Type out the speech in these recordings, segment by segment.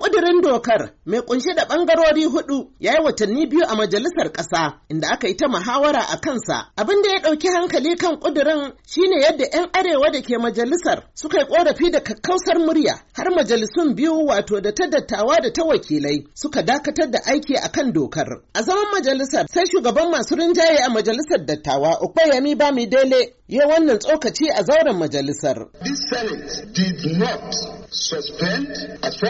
ƙudirin dokar mai kunshe da ɓangarori hudu ya yi watanni biyu a majalisar ƙasa inda aka yi ta muhawara a kansa. Abin da ya ɗauki hankali kan ƙudirin shine yadda 'yan arewa da ke majalisar suka yi ƙorafi da kakkausar murya har majalisun biyu wato da ta dattawa da ta wakilai suka dakatar da aiki a kan dokar. A zaman majalisar sai shugaban masu rinjaye a majalisar dattawa Ukpayami Bamidele ya wannan tsokaci a zauren majalisar. This Senate did not suspend as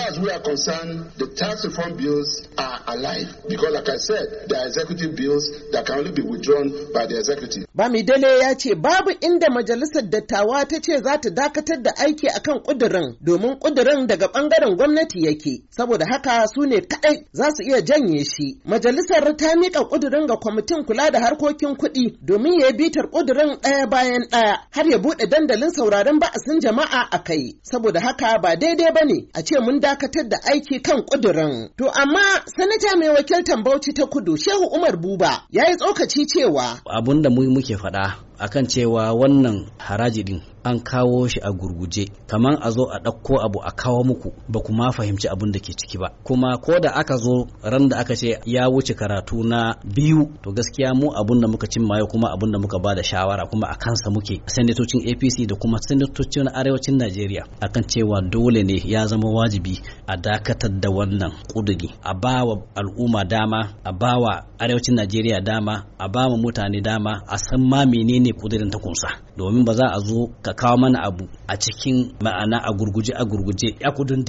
concerned, the tax reform bills are alive because, like I said, they are executive bills that can only be withdrawn by the executive. Bamidele ya ce babu inda majalisar dattawa ta ce za ta dakatar da aiki akan kudirin domin kudirin daga bangaren gwamnati yake saboda haka su ne kadai za su iya janye shi. Majalisar ta mika kudirin ga kwamitin kula da harkokin kuɗi domin ya bitar kudirin ɗaya bayan ɗaya har ya buɗe dandalin sauraron ba'asin jama'a a kai saboda haka ba daidai ba ne a ce mun dakatar da aiki kan ƙudurin. To amma sanata mai wakiltar Bauchi ta Kudu Shehu Umar Buba ya yi tsokaci cewa. Abun da muke faɗa akan cewa wannan haraji din an kawo shi a gurguje kaman a zo a ɗauko abu a kawo muku ba ku ma fahimci abin da ke ciki ba kuma ko da aka zo ran da aka ce ya wuce karatu na biyu to gaskiya mu abin da muka cimma yau kuma abin da muka ba da shawara kuma a kansa muke sanatocin apc da kuma sanatocin arewacin najeriya akan cewa dole ne ya zama wajibi a dakatar da wannan ƙuduri a bawa al'umma dama a bawa arewacin najeriya dama a ba mutane dama a san ma menene ne kudirin ta kunsa domin ba za a zo ka kawo mana abu a cikin ma'ana a gurguje a gurguje ya kudin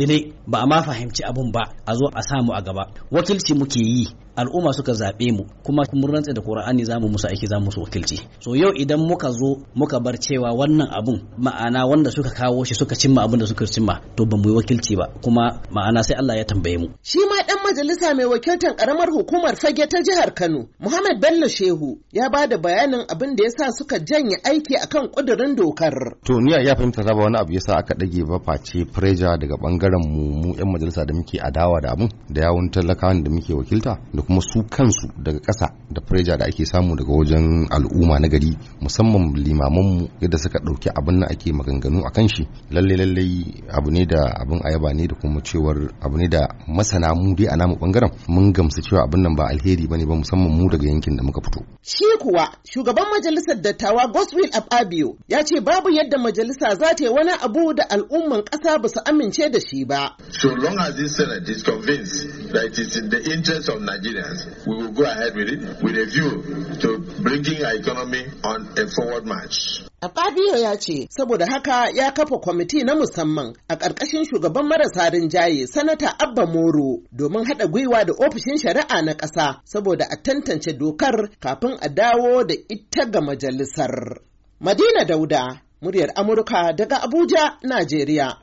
ba a ma fahimci abun ba a zo a samu a gaba wakilci muke yi al'umma suka zaɓe mu kuma mun tse da Qur'ani zamu musu aiki zamu musu wakilci so yau idan muka zo muka bar cewa wannan abun ma'ana wanda suka kawo shi suka cimma abin da suka cimma to ba mu yi wakilci ba kuma ma'ana sai Allah ya tambaye mu shi ma dan majalisa mai wakiltar karamar hukumar fage ta jihar Kano Muhammad Bello Shehu ya ba da bayanin abin da yasa suka janye aiki akan kudirin dokar to ni ya fahimta ba wani abu yasa aka dage ba face pressure daga bangaren mu mu yan majalisa da muke adawa da abun da yawun talakawan da muke wakilta kuma su kansu daga kasa da fureja da ake samu daga wajen al'umma na gari musamman limamanmu yadda suka ɗauki abin da ake maganganu a kan shi lalle lalle abu ne da abin ayaba ne da kuma cewar abu ne da masana mu dai a namu bangaren mun gamsu cewa abin nan ba alheri bane ba musamman mu daga yankin da muka fito shi kuwa shugaban majalisar dattawa Goswill abio ya ce babu yadda majalisa za ta yi wani abu da al'umman kasa ba su amince da shi ba so long as this senate uh, is convinced that it is in the interest of Nigeria guidance, we will go ahead with it with a view to bringing our economy on a forward march. ya ce, saboda haka ya kafa kwamiti na musamman a ƙarƙashin shugaban marasa rinjaye sanata Abba Moro domin haɗa gwiwa da ofishin shari'a na ƙasa saboda a tantance dokar kafin a dawo da ita ga majalisar. Madina Dauda, muryar Amurka daga Abuja, Najeriya.